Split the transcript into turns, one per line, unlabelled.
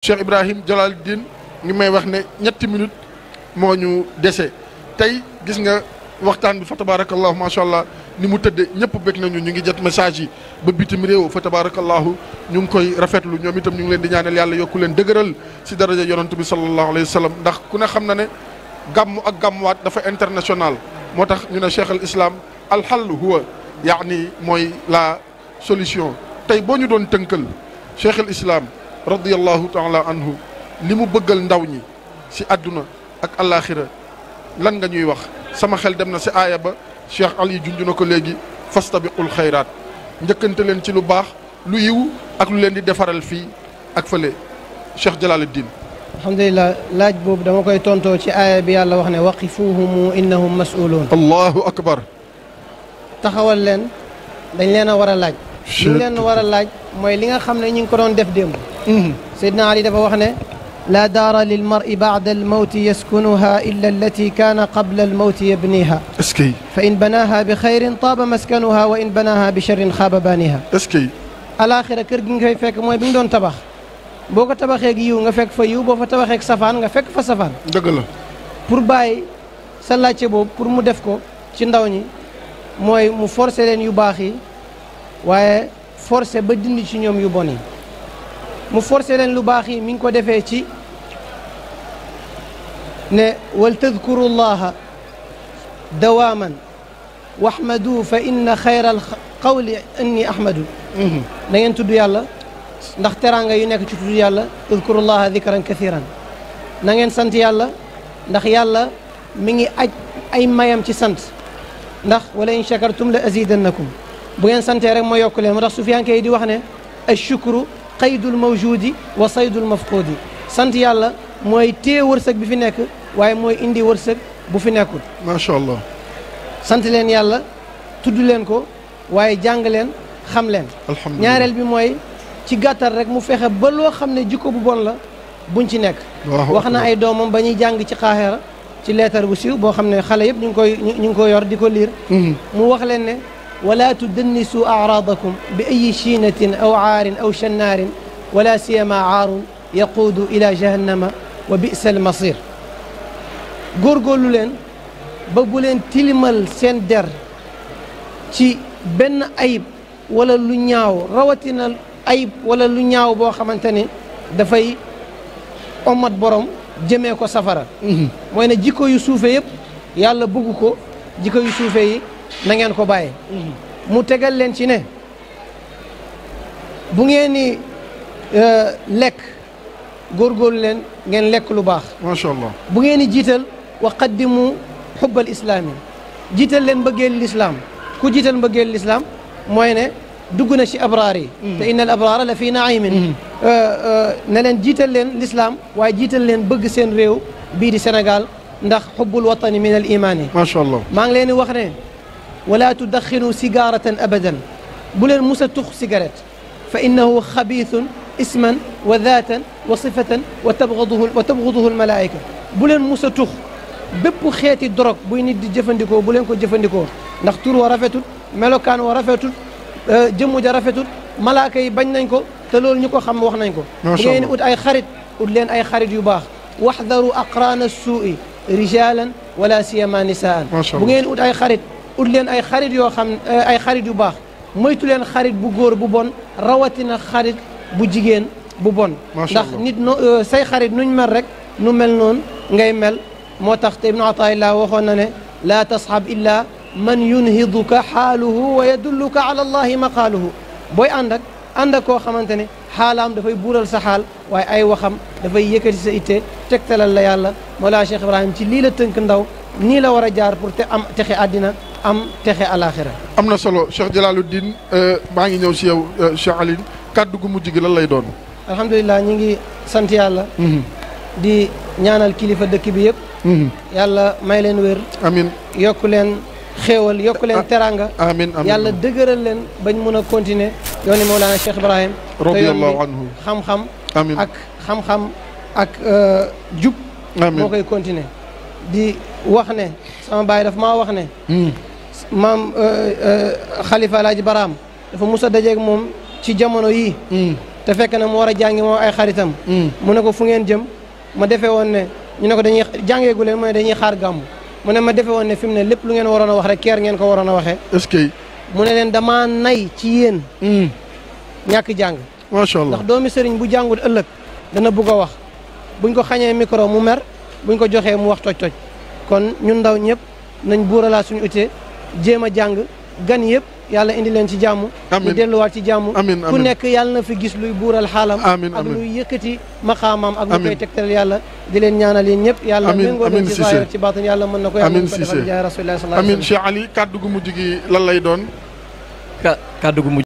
Cheikh Ibrahim Jalaluddin ngi may wax ne ñetti minute moo ñu dese tey gis nga waxtaan bi fa ma sha allah ni mu tëdde ñepp bekk nañu ñu ngi jot message yi ba bitim rew fa tabarakallah ñu ngi koy rafetlu ñom itam ñu ngi leen di ñaanal yalla yokku leen degeural ci daraja yaronte bi sallallahu alayhi wasallam ndax ku ne xam na ne ak wat dafa international motax ñu ne cheikh al islam hal huwa yani moy la solution tay bo ñu doon teunkel cheikh al islam رضي الله تعالى عنه لمو بغل نداو سي ادنا اك الاخره لان غا نيو واخ سما خيل ديمنا سي ايا با شيخ علي جوندنكو لغي فاستبقوا الخيرات نديكنتلن سي لو باخ لو ييو اك لولن دي ديفارال في اك فلي
شيخ جلال الدين الحمد لله لاج بوب داما كاي تونتو سي ايا بي الله واخني وقفوهم انهم مسؤولون الله اكبر تخاول لن دنج لنا ورا لاج لن لن ورا لاج موي ليغا خامل ني نكو دون ديف ديمب سيدنا علي دابا واخا لا دار للمرء بعد الموت يسكنها الا التي كان قبل الموت يبنيها اسكي فان بناها بخير طاب مسكنها وان بناها بشر خاب بانيها اسكي الاخره كير غي فيك موي بين دون تبخ بوكو تبخيك يو غا فيو بو فا تبخيك سفان غا فسفان فا سفان دغ لا بور باي سلاتي بوب بور مو ديف كو موي مو فورسي لين يو باخي وايي فورسي با دندي سي mu forcé len lu bax yi mi ngi ko defé ci ne wal tadhkuru llaha dawaaman waxmadu fa inna al alqawli anni ahmadu da ngeen tuddu yàlla ndax teranga yu nek ci tuddu yàlla tadhkuru llaha dhikran kathiran na ngeen sant yàlla ndax yàlla mi ngi aj ay mayam ci sant ndax wala in shakartum la azidannakum bu ngeen sante rek mo yokk leen moo tax sufyan kay di wax ne ashukru قيد الموجود وصيد المفقود سنت يالا موي تي ورسك بفي نيك واي موي اندي ورسك بفي نيكوت ما شاء الله سنت لين يالا تود لين كو واي جانغ لين خام لين الحمد لله نيارل بي موي تي غاتال رك مو فخه با لو خامل جيكو بو بون لا بون تي نيك واخنا اي دومم با ني جانغ تي قاهره تي ليتر بو سيو بو خامل خالي يب نينكو نينكو يور ديكو لير مو واخ لين ولا تدنسوا أعراضكم بأي شينة أو عار أو شنار ولا سيما عار يقود إلى جهنم وبئس المصير غور قولوا لين بقولين تلمل سندر تي بن أيب ولا لنياو روتنا أيب ولا لنياو بوا خمانتاني دفاي أمت بروم جميعكو سفرة موين جيكو يوسوفي يب يالا بوكوكو جيكو يوسوفي يب na ngeen ko bàyyi mu tegal leen ci ne bu ngeen ni lekk góorgóorlu leen ngeen lekk lu baax macha allah bu ngeen ni jiital wa qaddimu xubbal islaami jiital leen mbëggeel lislaam ku jiital mbëggeel lislaam mooy ne dugg na ci abraar yi te inna al abraara la fii naimin ne leen jiital leen lislaam waaye jiital leen bëgg seen réew bii di Sénégal ndax xubbul watani min al imaani macha allah maa ngi leen di wax ne ولا تدخنوا سيجارة أبدا بل موسى تخ سيجارت فإنه خبيث اسما وذاتا وصفة وتبغضه وتبغضه الملائكة بل موسى تخ بب خيتي درك بوين دي جفن ديكو بولين كو جفن نختور ورفت ملو كان ورفت آه، جمو جرفت ملائكة بن نانكو تلول نيكو خم وخ نانكو بوين اوت اي خريط اوت لين اي خريط يباخ باخ واحذروا اقران السوء رجالا ولا سيما نساء بوين اوت اي خريط ut leen ay xarit yoo xam ay xarit yu baax moytu leen xarit bu góor bu bon rawatina xarit bu jigéen bu bon ndax nit no say xarit nuñ mel rek nu mel noonu ngay mel moo tax te ibnu ataillah waxoon na ne laa tasxab illa man yunhiduka xaaluhu wa yadulluka ala allahi maqaaluhu booy ànd ak ànd ak koo xamante ne xaalaam dafay buural sa xaal waaye ay waxam dafay yëkkati sa itte tegtalal la yàlla moolaa Cheikh Ibrahima ci lii la tënk ndaw nii la war a jaar pour te am texe àddina am texe alaxira
am na solo Cheikh Jalaluddin euh
ba ngi ñëw ci yow Cheikh Aline kàddu gu mujj gi lan lay doon. alhamdullilah ñi ngi sante yàlla. hmm di ñaanal kilifa dëkk bi yeb hmm yàlla may leen wér. amin yokk leen xewal yokk leen teranga amin amin yàlla degeural leen bañ mëna continuer. yoni Mawlana Cheikh Ibrahim. radiyallahu anhu xam-xam. amin ak xam-xam ak jub. amin mo koy continuer. di wax ne sama baye daf ma wax ne. maam xalifa euh, euh, alaaji baraam dafa mus a dajeeg moom ci jamono yii mm. te fekk na mu war a jàngi moom ay xaritam mm. mu ne ko fu ngeen jëm ma defee woon ne ñu ne ko dañuy jàngeegu leen mu ne dañuy xaar gàmm mu ne ma defee woon ne fi mu ne lépp lu ngeen waroon a wax rek keer ngeen ko waroon a waxee est que mu ne leen damaa nay ci yéen mm. ñàkk jàng macha ndax doomi sëriñ bu jàngul ëllëg dana bugg a wax buñ ko xañee micro mu mer buñ ko joxee mu wax toj toj kon ñun ndaw ñëpp nañ buuralaa suñu utee jéem a jàng gan yëpp yàlla indi leen ci jàmm ñu delluwaat ci jàmm ku nekk yàlla na fi gis luy buural xaalam ak luy yëkkati maqaamaam ak lu koy tegtal yàlla di leen ñaanal yéen ñëpp yàlla méngoo leen ci zaahir ci baatin yàlla mën na ko yàlla defal jaay rasulillah sallallahu alayhi wa sallam amin Cheikh Ali kàddu gu mujj gi lan lay doon kàddu gu mujj